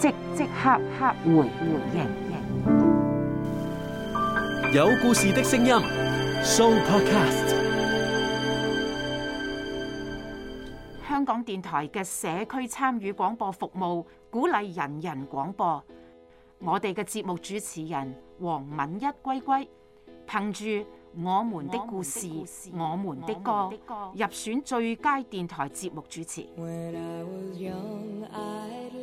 即即刻刻,刻回回應，有故事的聲音，So Podcast，香港電台嘅社區參與廣播服務，鼓勵人人廣播。我哋嘅節目主持人黃敏一歸歸，憑住我們的故事、我們,故事我們的歌，的歌入選最佳電台節目主持。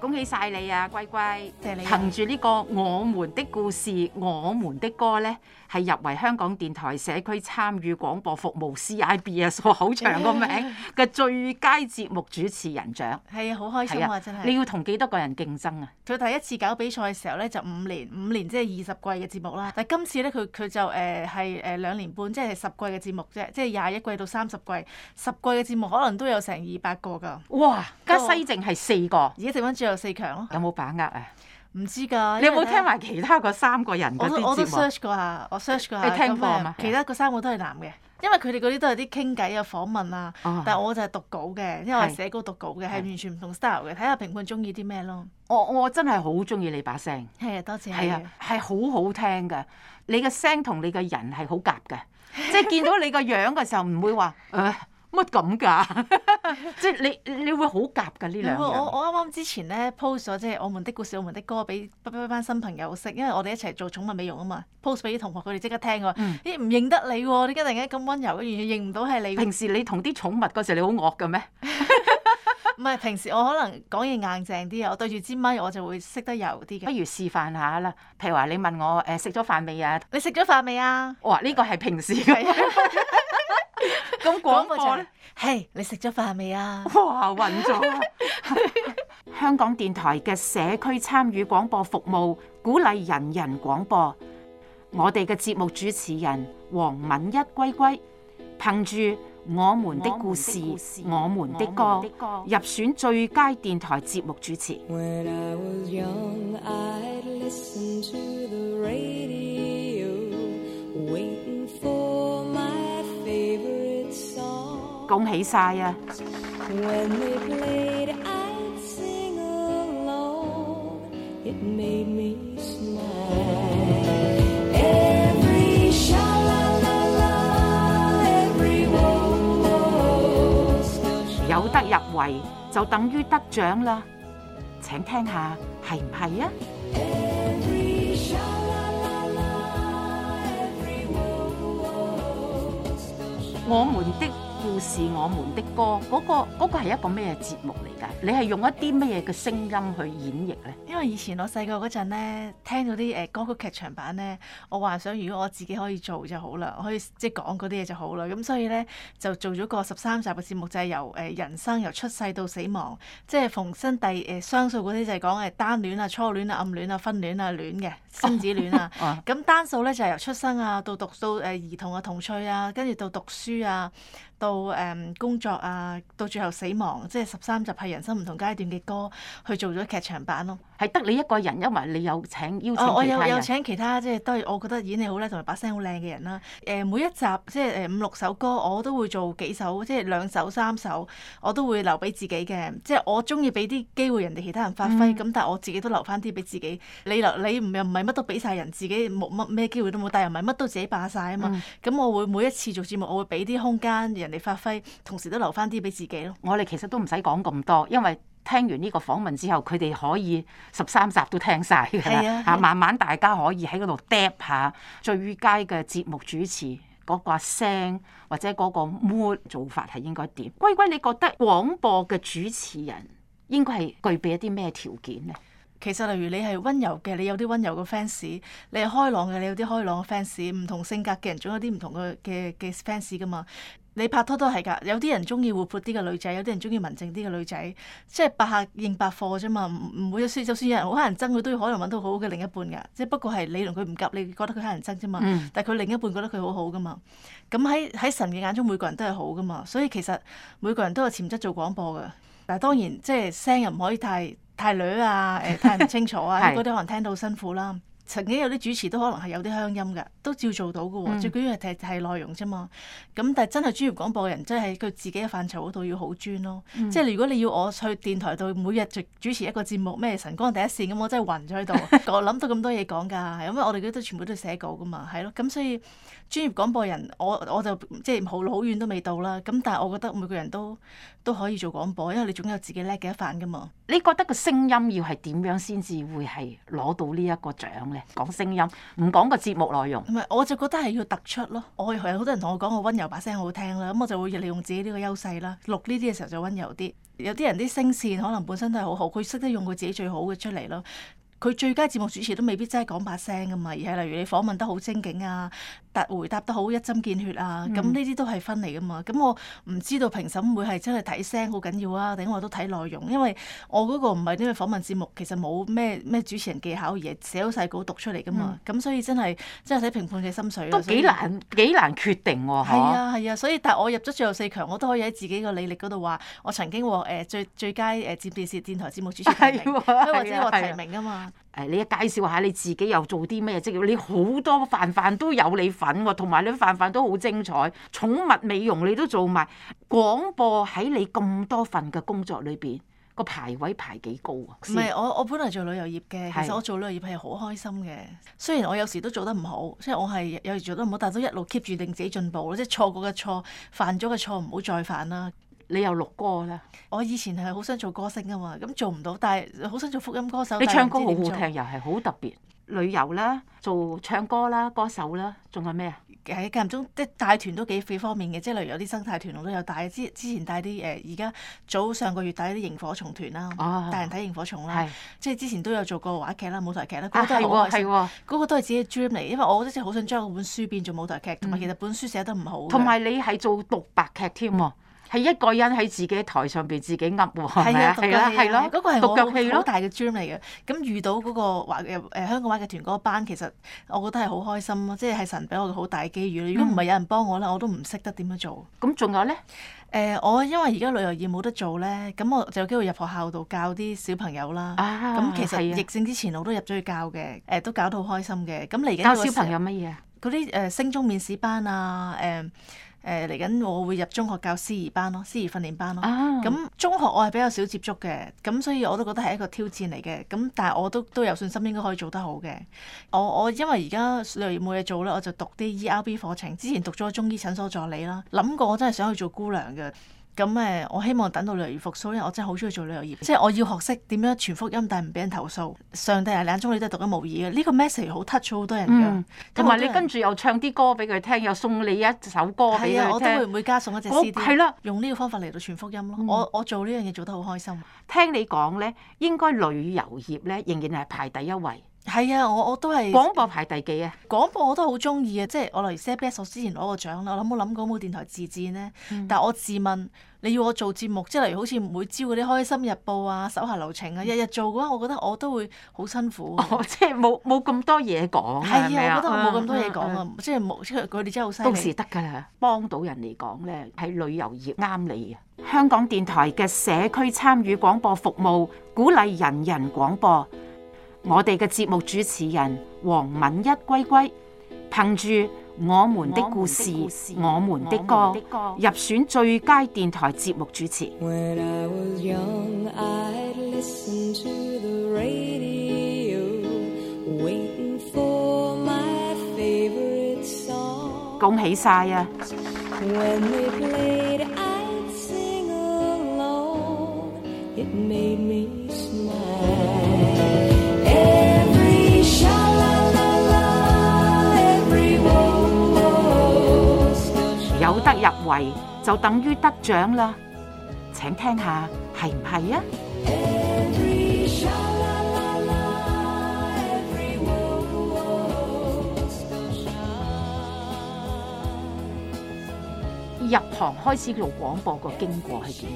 恭喜晒你啊，乖乖！謝謝你憑住呢個《我們的故事》《我們的歌》咧，係入圍香港電台社區參與廣播服務 CIBS 啊，好長個名嘅最佳節目主持人獎係啊，好開心啊！啊真係，你要同幾多個人競爭啊？佢第一次搞比賽嘅時候咧，就五年，五年即係二十季嘅節目啦。但係今次咧，佢佢就誒係誒兩年半，即係十季嘅節目啫，即係廿一季到三十季，十季嘅節目可能都有成二百個㗎。哇！加西淨係四個，而家剩翻最。有四強咯，有冇把握啊？唔知㗎，你有冇聽埋其他個三個人嗰啲節目？我都 search 過下，我 search 過。過你聽過嗎？其他個三個都係男嘅，因為佢哋嗰啲都係啲傾偈啊、訪問啊。哦、但係我就係讀稿嘅，因為我寫稿讀稿嘅，係是完全唔同 style 嘅。睇下評判中意啲咩咯。我我真係好中意你把聲，係啊，多謝，係啊，係好好聽嘅。你嘅聲同你嘅人係好夾嘅， 即係見到你個樣嘅時候唔會話誒。 乜咁噶？ 即係你你會好夾噶，呢兩個我我啱啱之前咧 post 咗即係我們的故事、我們的歌俾一班新朋友識，因為我哋一齊做寵物美容啊嘛。post 俾啲同學，佢哋即刻聽喎。咦？唔、欸、認得你喎？你突然間咁溫柔，完全認唔到係你。平時你同啲寵物嗰時你好惡嘅咩？唔 係平時我可能講嘢硬淨啲啊！我對住支咪我就會識得柔啲嘅。不如示範下啦，譬如話你問我誒食咗飯未啊？飯，你食咗飯未啊？哇、哦！呢、這個係平時嘅。 咁廣播咗咧？嘿，hey，你食咗飯未啊？哇，暈咗！ 香港電台嘅社區參與廣播服務，鼓勵人人廣播。嗯，我哋嘅節目主持人黃敏一歸歸，憑住我們的故事、我們的故事我們的歌，的歌入選最佳電台節目主持。恭喜晒啊！有得入圍就等於得獎啦！請聽下係唔係啊？我們的。故事我們的歌，嗰個嗰個係一個咩節目？你係用一啲乜嘢嘅聲音去演繹咧？因為以前我細個嗰陣咧，聽到啲誒歌曲劇場版咧，我幻想如果我自己可以做就好啦，我可以即係講嗰啲嘢就好啦。咁所以咧就做咗個十三集嘅節目，就係、是、由誒人生由出世到死亡，即係逢生第誒雙數嗰啲就係講誒單戀啊、初戀啊、暗戀啊、婚戀啊、戀嘅親子戀啊。咁 單數咧就係、是、由出生啊到讀到誒兒童啊童趣啊，跟住到讀書啊到誒工作啊到最後死亡，即係十三集人生唔同階段嘅歌，去做咗劇場版咯。係得你一個人？因為你有請邀請其他人、啊、我有有請其他，即係都係我覺得演戲好叻，同埋把聲好靚嘅人啦。誒，每一集即係誒五六首歌，我都會做幾首，即係兩首三首，我都會留俾自己嘅。即係我中意俾啲機會人哋其他人發揮，咁、嗯、但係我自己都留翻啲俾自己。你留你唔又唔係乜都俾晒人，自己冇乜咩機會都冇，但又唔係乜都自己霸晒啊嘛。咁我會每一次做節目，我會俾啲空間人哋發揮，同時都留翻啲俾自己咯。嗯、我哋其實都唔使講咁多，因為。聽完呢個訪問之後，佢哋可以十三集都聽晒，㗎啦、啊啊啊。慢慢大家可以喺嗰度 dap 下最佳嘅節目主持嗰、嗰個聲或者嗰個 mood 做法係應該點？龜龜，你覺得廣播嘅主持人應該係具備一啲咩條件呢？其實例如你係溫柔嘅，你有啲溫柔嘅 fans；你係開朗嘅，你有啲開朗嘅 fans。唔同性格嘅人總有啲唔同嘅嘅嘅 fans 噶嘛。你拍拖都係㗎，有啲人中意活潑啲嘅女仔，有啲人中意文靜啲嘅女仔，即係百客應百貨啫嘛，唔唔會有，雖就算有人好乞人憎，佢都可能揾到好好嘅另一半㗎。即係不過係你同佢唔夾，你覺得佢乞人憎啫嘛，但係佢另一半覺得佢好好㗎嘛。咁喺喺神嘅眼中，每個人都係好㗎嘛。所以其實每個人都有潛質做廣播㗎。嗱，當然即係聲又唔可以太太女啊，誒太聽唔清楚啊，嗰啲 是可能聽到辛苦啦。曾經有啲主持都可能係有啲鄉音嘅，都照做到嘅喎、哦。嗯、最緊要係係內容啫嘛。咁但係真係專業廣播人，真係佢自己嘅範疇嗰度要好專咯。嗯、即係如果你要我去電台度每日就主持一個節目咩晨光第一線，咁我真係暈咗喺度，我諗到咁多嘢講㗎。因為我哋都全部都寫稿㗎嘛，係咯。咁所以專業廣播人，我我就即係好好遠都未到啦。咁但係我覺得每個人都都可以做廣播，因為你總有自己叻嘅一範㗎嘛。你覺得個聲音要係點樣先至會係攞到呢一個獎咧？講聲音，唔講個節目內容。唔係，我就覺得係要突出咯。我有好多人同我講，我温柔把聲好聽啦，咁我就會利用自己呢個優勢啦，錄呢啲嘅時候就温柔啲。有啲人啲聲線可能本身都係好好，佢識得用佢自己最好嘅出嚟咯。佢最佳節目主持都未必真係講把聲噶嘛，而係例如你訪問得好精警啊。回答得好一針見血啊！咁呢啲都係分嚟噶嘛？咁我唔知道評審會係真係睇聲好緊要啊，定我都睇內容？因為我嗰個唔係啲訪問節目，其實冇咩咩主持人技巧而係，寫好曬稿讀出嚟噶嘛。咁、嗯、所以真係真係睇評判嘅心水都幾難幾難決定喎、啊。係啊係啊，啊，所以但係我入咗最後四強，我都可以喺自己個履歷嗰度話我曾經誒最最佳誒佔電視電台節目主持人，或者獲提名啊嘛。誒，你一介紹一下你自己又做啲咩職業？即係、你好多飯飯都有你份喎，同埋你飯飯都好精彩。寵物美容你都做埋，廣播喺你咁多份嘅工作裏邊個排位排幾高啊？唔係，我我本嚟做旅遊業嘅，是其實我做旅遊業係好開心嘅。雖然我有時都做得唔好，即係我係有時做得唔好，但係都一路 keep 住令自己進步咯。即係錯過嘅錯，犯咗嘅錯唔好再犯啦。你又錄歌咧？我以前係好想做歌星啊嘛，咁做唔到，但係好想做福音歌手。你唱歌好好，好聽，又係好特別。旅遊啦，做唱歌啦，歌手啦，仲有咩啊？喺間唔中，即係帶團都幾幾方面嘅，即係例如有啲生態團我都有帶。之之前帶啲誒，而家早上個月帶啲螢火蟲團啦，啊、帶人睇螢火蟲啦。即係是之前都有做過話劇啦、舞台劇啦，嗰、啊、個都係好開心。嗰個都係自己 dream 嚟，因為我嗰時好想將嗰本書變做舞台劇，同埋、嗯、其實本書寫得唔好。同埋你係做讀白劇添喎。嗯係一個人喺自己台上邊自己噏喎，係咪啊？係咯，係咯，嗰個係我好大嘅 dream 嚟嘅。咁遇到嗰個話誒香港話劇團嗰個班，其實我覺得係好開心咯。即係神俾我好大嘅機遇。如果唔係有人幫我咧，我都唔識得點樣做。咁仲有咧？誒，我因為而家旅遊業冇得做咧，咁我就有機會入學校度教啲小朋友啦。咁其實疫症之前我都入咗去教嘅，誒都搞到好開心嘅。咁嚟緊教小朋友乜嘢啊？嗰啲誒升中面試班啊，誒。誒嚟緊，呃、我會入中學教司儀班咯，司儀訓練班咯。咁、oh. 中學我係比較少接觸嘅，咁所以我都覺得係一個挑戰嚟嘅。咁但係我都都有信心應該可以做得好嘅。我我因為而家兩年冇嘢做啦，我就讀啲 ERB 課程。之前讀咗中醫診所助理啦，諗過我真係想去做姑娘嘅。咁誒，我希望等到旅遊復甦，因為我真係好中意做旅遊業，即係我要學識點樣傳福音，但係唔俾人投訴。上帝係、啊、兩種，你都係獨一無二嘅。呢個 message 好 touch，好多人嘅。同埋、嗯、你跟住又唱啲歌俾佢聽，又送你一首歌俾佢聽。係啊，我都會唔會加送一隻 CD？係啦，用呢個方法嚟到傳福音咯、嗯。我我做呢樣嘢做得好開心。聽你講咧，應該旅遊業咧仍然係排第一位。係啊，我我都係廣播排第幾啊？廣播我都好中意啊。即係我嚟例如 CBS，我之前攞過獎啦。我諗冇諗過有冇電台自薦咧。嗯、但係我自問，你要我做節目，即係例如好似每朝嗰啲《開心日報》啊，《手下留情》啊，日日、嗯、做嘅話，我覺得我都會好辛苦。哦，即係冇冇咁多嘢講。係啊，我覺得冇咁多嘢講啊，嗯嗯、即係冇，即係佢哋真係好犀利。時得㗎啦，幫到人嚟講咧，喺旅遊業啱你啊！香港電台嘅社區參與廣播服務，鼓勵人人，人廣播。我哋嘅節目主持人黃敏一歸歸，憑住我們的故事、我們的歌入選最佳電台節目主持。恭喜晒啊！入圍就等於得獎啦，請聽下係唔係啊？Al la la, child, 入行開始錄廣播個經過係點？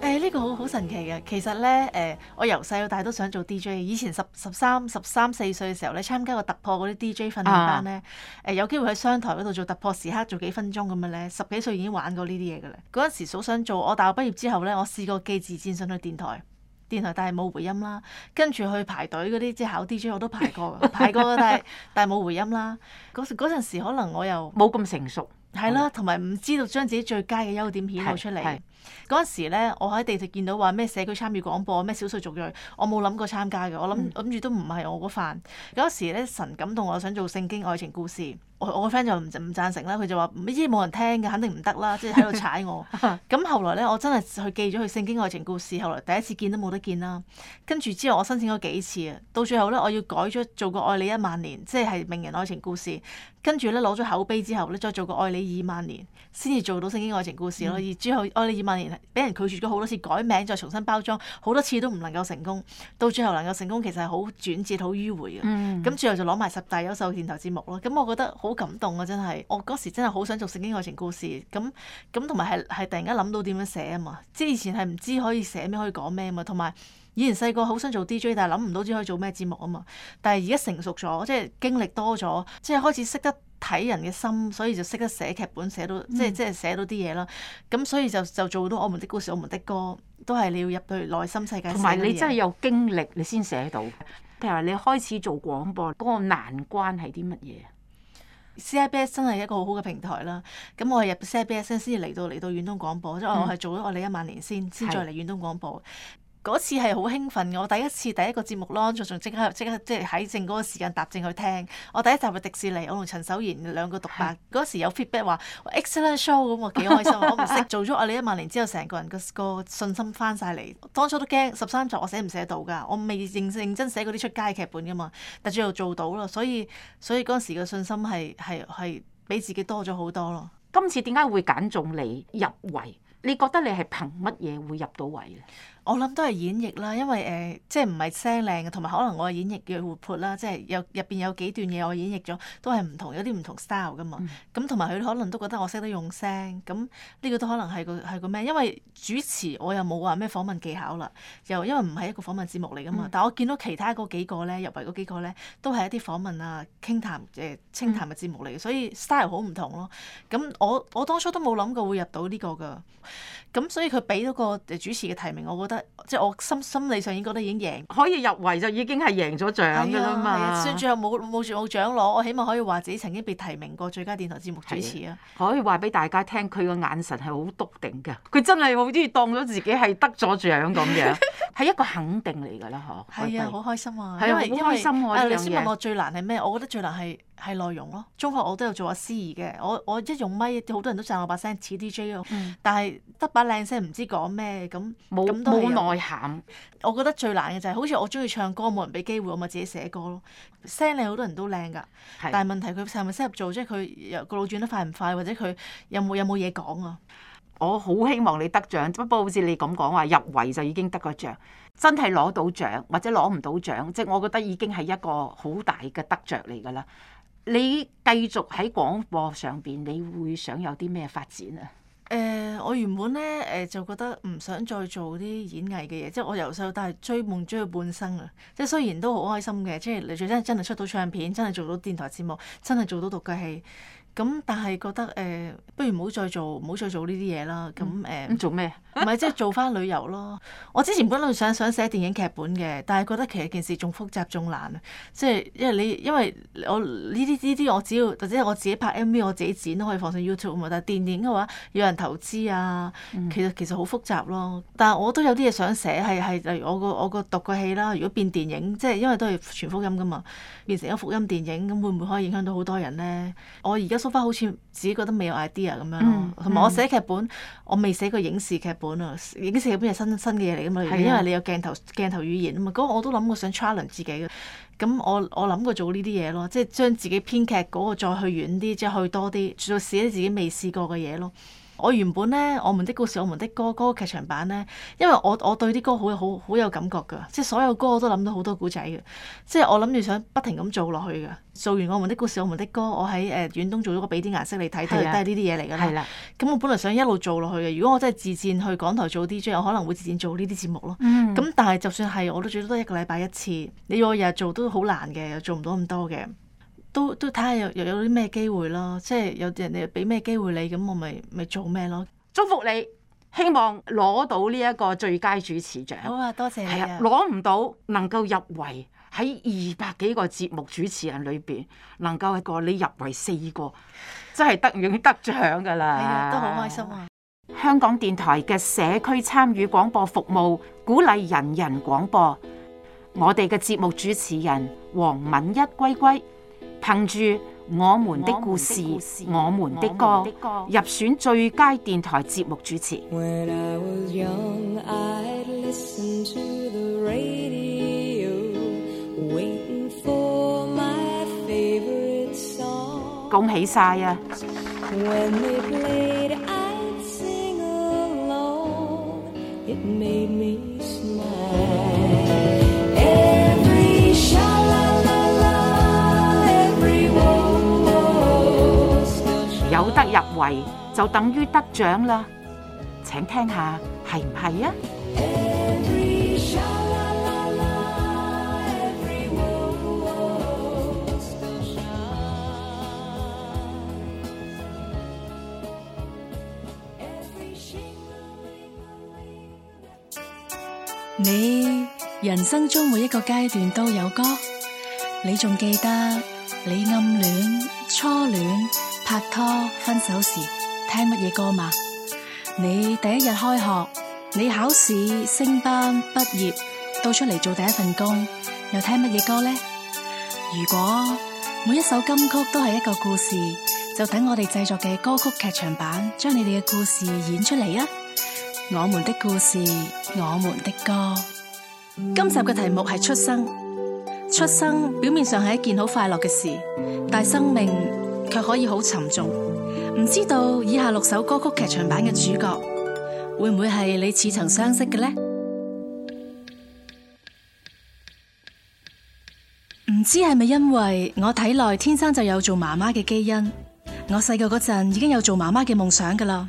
誒呢、哎呢個好好神奇嘅，其實咧誒、呃，我由細到大都想做 DJ。以前十十三、十三四歲嘅時候咧，參加個突破嗰啲 DJ 訓練班咧，誒、啊呃、有機會喺商台嗰度做突破時刻，做幾分鐘咁樣咧。十幾歲已經玩過呢啲嘢嘅啦。嗰陣時好想做。我大學畢業之後咧，我試過寄自薦信去電台，電台但係冇回音啦。跟住去排隊嗰啲即係考 DJ，我都排過， 排過但係但係冇回音啦。嗰時嗰陣時可能我又冇咁成熟，係啦的，同埋唔知道將自己最佳嘅優點顯露出嚟。嗰陣時咧，我喺地鐵見到話咩社區參與廣播咩少數族裔，我冇諗過參加嘅。我諗諗住都唔係我嗰份。嗰陣時咧，神感動我想做聖經愛情故事，我我個 friend 就唔唔贊成啦。佢就話乜嘢冇人聽嘅，肯定唔得啦，即係喺度踩我。咁 後來咧，我真係去寄咗佢聖經愛情故事。後來第一次見都冇得見啦。跟住之後，我申請咗幾次啊。到最後咧，我要改咗做個愛你一萬年，即係名人愛情故事。跟住咧攞咗口碑之後咧，再做個愛你二萬年，先至做到聖經愛情故事咯。嗯、而之後愛你二萬年俾人拒絕咗好多次，改名再重新包裝好多次都唔能夠成功，到最後能夠成功其實係好轉折、好迂迴嘅。咁、嗯、最後就攞埋十大優秀電台節目咯。咁我覺得好感動啊！真係，我嗰時真係好想做《聖經愛情故事》咁，咁同埋係係突然間諗到點樣寫啊嘛。即係以前係唔知可以寫咩、可以講咩啊嘛。同埋以前細個好想做 DJ，但係諗唔到知可以做咩節目啊嘛。但係而家成熟咗，即係經歷多咗，即係開始識得。睇人嘅心，所以就識得寫劇本，寫到、嗯、即係即係寫到啲嘢啦。咁所以就就做到《我們的故事》，《我們的歌》，都係你要入到內心世界。同埋你真係有經歷，你先寫到。譬如話你開始做廣播，嗰、那個難關係啲乜嘢？CIBS 真係一個好好嘅平台啦。咁我係入 CIBS 先，至嚟到嚟到遠東廣播。即係、嗯、我係做咗我哋一萬年先，先再嚟遠東廣播。嗰次係好興奮，我第一次第一個節目咯，仲仲即刻即刻即係喺正嗰個時間答正去聽。我第一集係迪士尼，我同陳守賢兩個讀白。嗰是時有 feedback 話 excellent show 咁，我、嗯、幾開心。 我唔識做咗我你一萬年之後，成個人個個信心翻晒嚟。當初都驚十三集我寫唔寫到㗎，我未認認真寫嗰啲出街劇本㗎嘛。但最後做到咯，所以所以嗰時個信心係係係比自己多咗好多咯。今次點解會揀中你入圍？你覺得你係憑乜嘢會入到圍咧？我諗都係演繹啦，因為誒、呃、即係唔係聲靚嘅，同埋可能我演繹嘅活潑啦，即係有入邊有幾段嘢我演繹咗，都係唔同有啲唔同 style 噶嘛。咁同埋佢可能都覺得我識得用聲，咁呢個都可能係個係個咩？因為主持我又冇話咩訪問技巧啦，又因為唔係一個訪問節目嚟噶嘛。嗯、但我見到其他嗰幾個咧入圍嗰幾個咧，都係一啲訪問啊、傾談誒、清談嘅節目嚟嘅，所以 style 好唔同咯。咁我我當初都冇諗過會入到呢個㗎，咁所以佢俾咗個主持嘅提名，我覺得。即係我心心理上已經覺得已經贏，可以入圍就已經係贏咗獎噶啦嘛。雖然、啊啊、最後冇冇住冇獎攞，我起碼可以話自己曾經被提名過最佳電台節目主持啊。可以話俾大家聽，佢個眼神係好篤定嘅，佢真係好似當咗自己係得咗獎咁嘅，係一個肯定嚟㗎啦嗬。係 啊，好以、啊、開心啊，啊因為因為開心啊，你先問我最難係咩？我覺得最難係。係內容咯。中學我都有做下司儀嘅，我我一用咪好多人都讚我聲 DJ，嗯、把聲似 D J 咯。但係得把靚聲，唔知講咩咁，咁都好冇內涵。我覺得最難嘅就係、是，好似我中意唱歌，冇人俾機會，我咪自己寫歌咯。聲靚，好多人都靚噶。是但係問題佢係咪適合做，即係佢個腦轉得快唔快，或者佢有冇有冇嘢講啊？我好希望你得獎，不過好似你咁講話入圍就已經得個獎，真係攞到獎或者攞唔到獎，即、就、係、是、我覺得已經係一個好大嘅得着嚟噶啦。你繼續喺廣播上邊，你會想有啲咩發展啊？誒、呃，我原本咧誒、呃、就覺得唔想再做啲演藝嘅嘢，即係我由細到大追夢追到半生啊！即係雖然都好開心嘅，即係你最真係真係出到唱片，真係做到電台節目，真係做到獨腳戲。咁但係覺得誒、呃，不如唔好再做，唔好再做呢啲嘢啦。咁、嗯、誒、嗯，做咩？唔係即係做返旅遊咯。我之前本來想想寫電影劇本嘅，但係覺得其實件事仲複雜，仲難。即係因為你，因為我呢啲呢啲，我只要即係、就是、我自己拍 MV，我自己剪都可以放上 YouTube 啊嘛。但係電影嘅話，有人投資啊，嗯、其實其實好複雜咯。但係我都有啲嘢想寫，係係例如我個我個讀個戲啦。如果變電影，即、就、係、是、因為都係全福音㗎嘛，變成一個福音電影，咁會唔會可以影響到好多人咧？我而家。梳花、so、好似自己覺得未有 idea 咁樣，同埋、嗯、我寫劇本，嗯、我未寫過影視劇本啊！影視劇本係新新嘅嘢嚟㗎嘛，係的因為你有鏡頭鏡頭語言啊嘛。嗰個我都諗過想 challenge 自己嘅，咁我我諗過做呢啲嘢咯，即係將自己編劇嗰個再去遠啲，即係去多啲，做試啲自己未試過嘅嘢咯。我原本咧，我們的故事，我們的歌，嗰、那個劇場版咧，因為我我對啲歌好有好好有感覺㗎，即係所有歌我都諗到好多古仔嘅，即係我諗住想不停咁做落去嘅，做完我們的故事，我們的歌，我喺誒遠東做咗個俾啲顏色你睇，睇，都係呢啲嘢嚟㗎啦。咁的我本來想一路做落去嘅，如果我真係自薦去港台做 DJ，我可能會自薦做呢啲節目咯。咁、嗯、但係就算係我都最多一個禮拜一次，你要我日日做都好難嘅，又做唔到咁多嘅。都都睇下有又有啲咩機會咯，即係有啲人哋俾咩機會你，咁我咪咪做咩咯？祝福你，希望攞到呢一個最佳主持獎。好啊，多謝你啊！攞唔到能夠入圍喺二百幾個節目主持人裏邊，能夠係個你入圍四個，真係得，已經得獎㗎喇。係啊，都好開心啊！香港電台嘅社區參與廣播服務，鼓勵人人廣播。我哋嘅節目主持人黃敏一歸歸。憑住我們的故事、我們的歌，入選最佳電台節目主持，恭喜晒啊！入圍就等於得獎啦，請聽下係唔係啊？你人生中每一個階段都有歌，你仲記得？你暗戀、初戀、拍拖、分手時聽乜嘢歌嘛？你第一日開學、你考試、升班、畢業到出嚟做第一份工，又聽乜嘢歌呢？如果每一首金曲都係一個故事，就等我哋製作嘅歌曲劇場版，將你哋嘅故事演出嚟啊！我們的故事，我們的歌。今集嘅題目係出生。出生表面上係一件好快樂嘅事，但生命卻可以好沉重。唔知道以下六首歌曲劇場版嘅主角會唔會係你似曾相識嘅呢？唔 知係咪因為我體內天生就有做媽媽嘅基因？我細個嗰陣已經有做媽媽嘅夢想噶啦。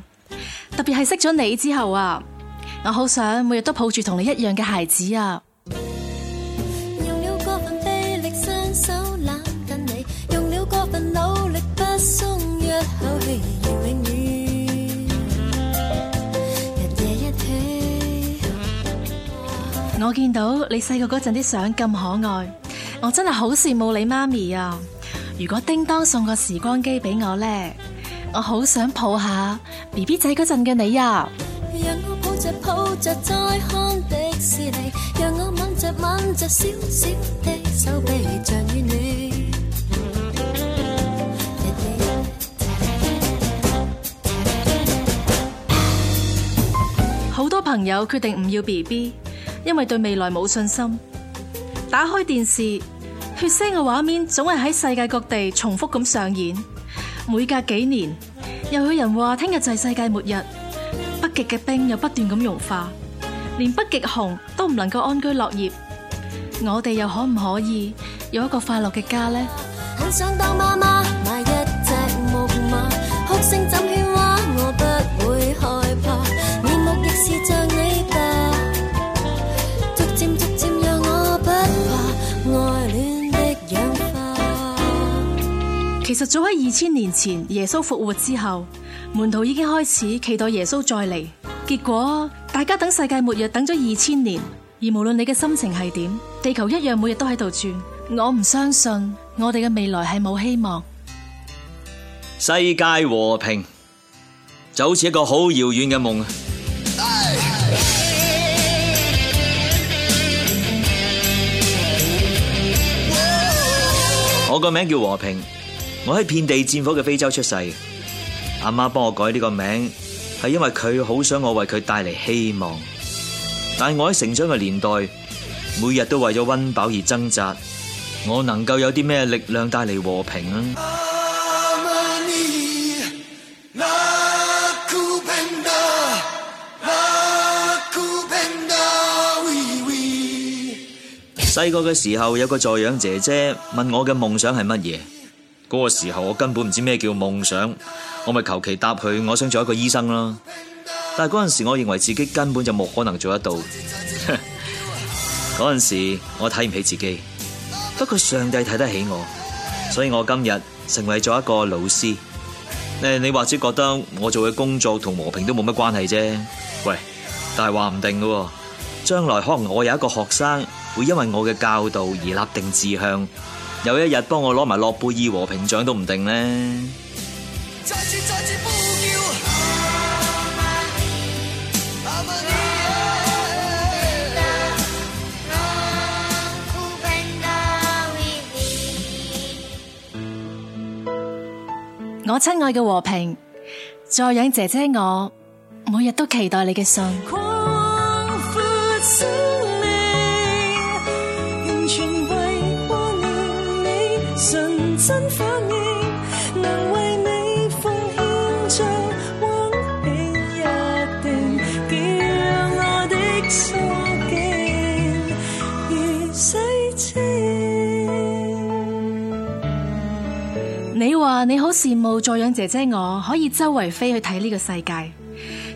特別係識咗你之後啊，我好想每日都抱住同你一樣嘅孩子啊。我見到你細個嗰陣啲相咁可愛，我真係好羨慕你媽咪啊！如果叮當送個時光機俾我咧，我好想抱下 B B 仔嗰陣嘅你啊！讓我抱著抱著再看迪士尼，讓我吻著吻著小小的手臂，像與你。好多朋友決定唔要 BB，因為對未來冇信心。打開電視，血腥嘅畫面總係喺世界各地重複咁上演。每隔幾年，又有人話聽日就係世界末日。北極嘅冰又不斷咁融化，連北極熊都唔能夠安居樂業。我哋又可唔可以有一個快樂嘅家呢？其實早喺二千年前，耶穌復活之後，門徒已經開始期待耶穌再嚟。結果大家等世界末日等咗二千年，而無論你嘅心情係點，地球一樣每日都喺度轉。我唔相信我哋嘅未來係冇希望。世界和平就好似一個好遙遠嘅夢啊！哎哎哎，我個名叫和平。我喺遍地戰火嘅非洲出世，阿媽幫我改呢個名，係因為佢好想我為佢帶嚟希望。但係我喺成長嘅年代，每日都為咗溫飽而掙扎，我能夠有啲咩力量帶嚟和平啊？細個嘅時候有個助養姐姐問我嘅夢想係乜嘢？嗰個時候我根本唔知咩叫夢想，我咪求其答佢，我想做一個醫生囉。但係嗰陣時我認為自己根本就冇可能做得到，嗰 陣時我睇唔起自己。不過上帝睇得起我，所以我今日成為咗一個老師。誒，你或者覺得我做嘅工作同和、和平都冇乜關係啫？喂，但係話唔定喎，將來可能我有一個學生會因為我嘅教導而立定志向。有一日幫我攞埋諾貝爾和平獎都唔定呢。我親愛嘅和平，再養姐姐我每日都期待你嘅相。能為你奉獻定一的。你話你好羨慕再養姐姐我可以周圍飛去睇呢個世界，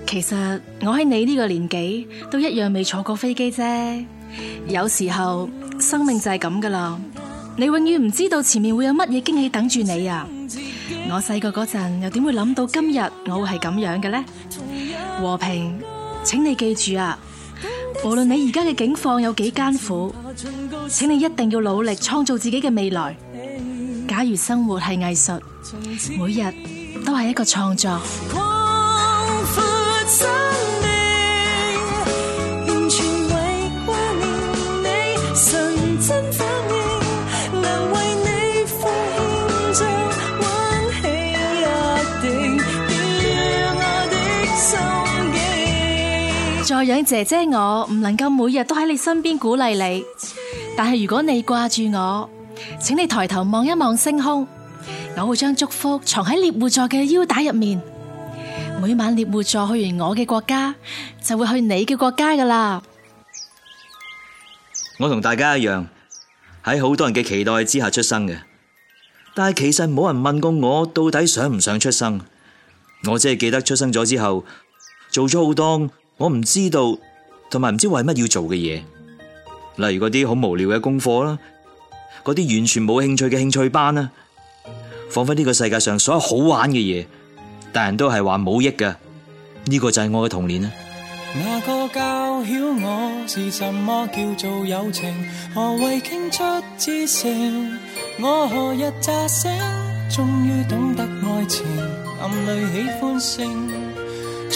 其實我喺你呢個年紀都一樣未坐過飛機啫。有時候生命就係咁噶啦。你永遠唔知道前面會有乜嘢驚喜等住你啊！我細個嗰陣又點會諗到今日我會係咁樣嘅呢？和平，請你記住啊！無論你而家嘅境況有幾艱苦，請你一定要努力創造自己嘅未來。假如生活係藝術，每日都係一個創作。讓姐姐我唔能夠每日都喺你身邊鼓勵你，但係如果你掛住我，請你抬頭望一望星空，我會將祝福藏喺獵戶座嘅腰帶入面。每晚獵戶座去完我嘅國家，就會去你嘅國家㗎喇。我同大家一樣喺好多人嘅期待之下出生嘅，但係其實冇人問過我到底想唔想出生。我只係記得出生咗之後做咗好多。我唔知道，同埋唔知為乜要做嘅嘢，例如嗰啲好無聊嘅功課啦，嗰啲完全冇興趣嘅興趣班啊，放佛呢個世界上所有好玩嘅嘢，但人都係話冇益嘅，呢、這個就係我嘅童年啊。那個教曉我，我是什麼叫做友情？情，何何出之日醒，懂得暗喜啦。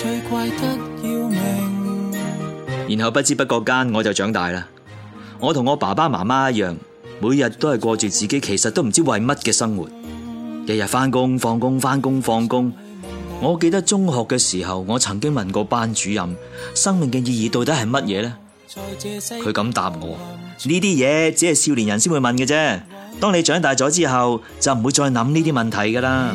最然後不知不覺間我就長大啦。我同我爸爸媽媽一樣，每日都係過住自己其實都唔知為乜嘅生活，日日翻工放工、翻工放工。我記得中學嘅時候，我曾經問過班主任，生命嘅意義到底係乜嘢呢？佢咁答我：呢啲嘢只係少年人先會問嘅啫。當你長大咗之後，就唔會再諗呢啲問題噶啦。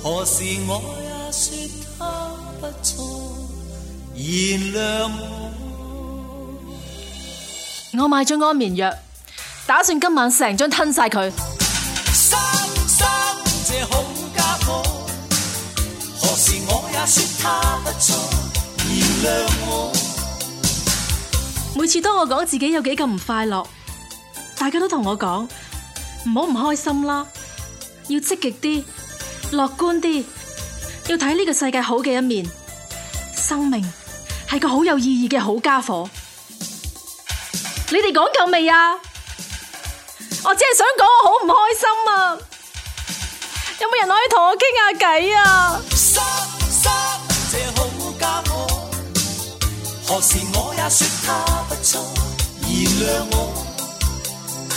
何時我也說他不錯原諒我，我買咗安眠藥，打算今晚成樽吞晒佢。每次當我講自己有幾咁唔快樂，大家都同我講，唔好唔開心啦，要積極啲。樂觀啲，要睇呢個世界好嘅一面。生命係個好有意義嘅好傢伙。你哋講夠未啊？我只係想講我好唔開心啊！有冇人可以同我傾下偈啊？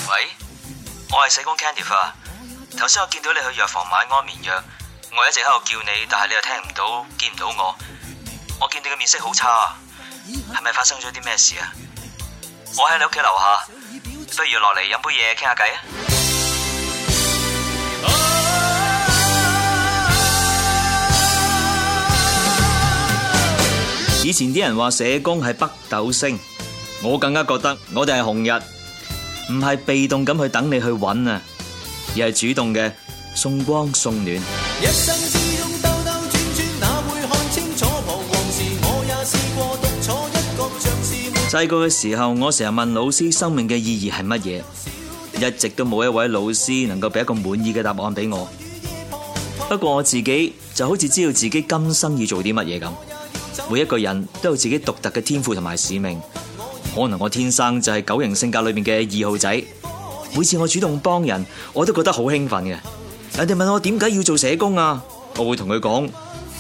喂，我係社工 Candy 啊。頭先我見到你去藥房買安眠藥，我一直喺度叫你，但係你又聽唔到，見唔到我。我見你嘅面色好差啊，係咪發生咗啲咩事啊？我喺你屋企樓下，不如落嚟飲杯嘢傾下偈啊！以前啲人話社工係北斗星，我更加覺得我哋係紅日，唔係被動咁去等你去揾啊！而係主動嘅送光送暖。一生之中兜兜轉轉，哪會看清楚，彷徨時我也試過獨坐一角。細個嘅時候，我成日問老師生命嘅意義係乜嘢，一直都冇一位老師能夠俾一個滿意嘅答案俾我。不過我自己就好似知道自己今生要做啲乜嘢咁。每一個人都有自己獨特嘅天賦同埋使命，可能我天生就係九型性格裏面嘅二號仔。每次我主動幫人，我都覺得好興奮嘅。人哋問我點解要做社工啊，我會同佢講，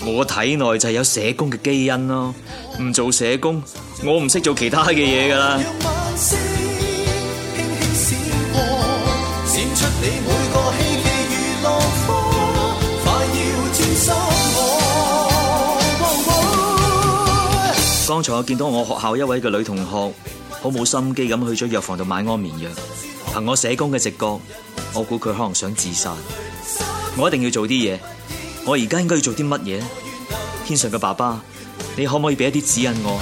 我體內就係有社工嘅基因咯。唔做社工，我唔識做，做其他嘅嘢噶啦。剛、嗯、才我見到我學校一位嘅女同學，好冇心機咁去咗藥房度買安眠藥。憑 我社工嘅直覺，我估佢可能想自殺。我一定要做啲嘢。我而家應該要做啲乜嘢？天上嘅爸爸，你可唔可以俾一啲指引我？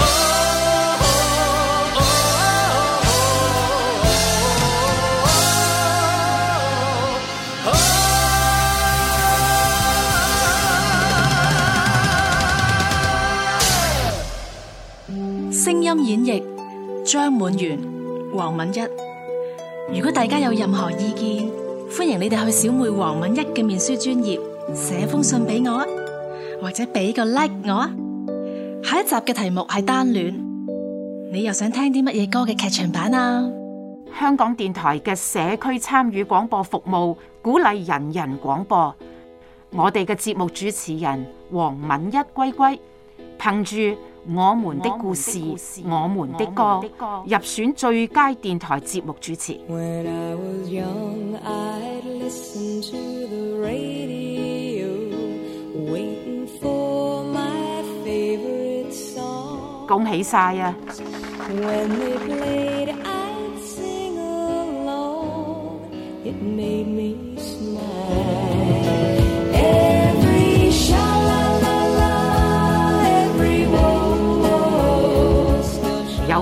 聲音演繹：張滿園、黃敏一。如果大家有任何意見，歡迎你哋去小妹黃敏一嘅面書專頁寫封信俾我啊，或者俾個 like 我啊。下一集嘅題目係單戀，你又想聽啲乜嘢歌嘅劇場版啊？香港電台嘅社區參與廣播服務，鼓勵人人廣播。我哋嘅節目主持人黃敏一歸歸，憑住。我們的故事，我們的歌入選最佳電台節目主持。恭喜晒啊！